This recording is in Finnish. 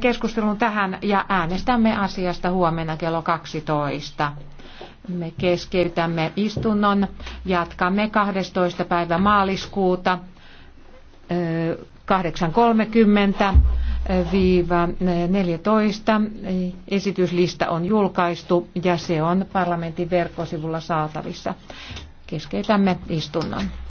keskustelun tähän ja äänestämme asiasta huomenna kello 12. Me keskeytämme istunnon, jatkamme 12. päivä maaliskuuta 8.30 viiva 14. Esityslista on julkaistu ja se on parlamentin verkkosivulla saatavissa. Keskeytämme istunnon.